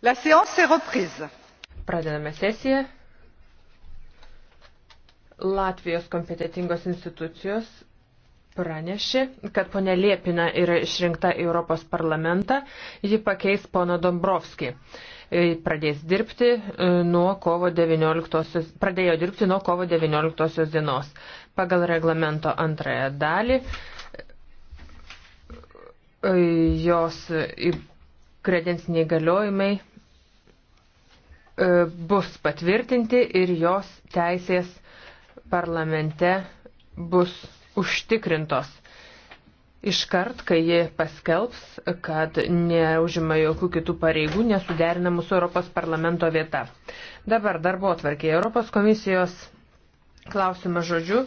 La séance est reprise. Pradedame sesiją. Latvijos kompetitingos institucijos pranešė, kad ponė Liepina yra išrinkta į Europos parlamentą, ji pakeis pono Dombrovskį. Pradės dirbti e, nuo kovo 19, pradėjo dirbti nuo kovo 19 dienos. Pagal reglamento antrąją dalį e, jos kredenciniai galiojimai e, bus patvirtinti ir jos teisės parlamente bus užtikrintos. Iškart, kai ji paskelbs, kad neužima jokių kitų pareigų nesuderinamų su Europos parlamento vieta. Dabar darbo atvarkė Europos komisijos klausimas žodžiu.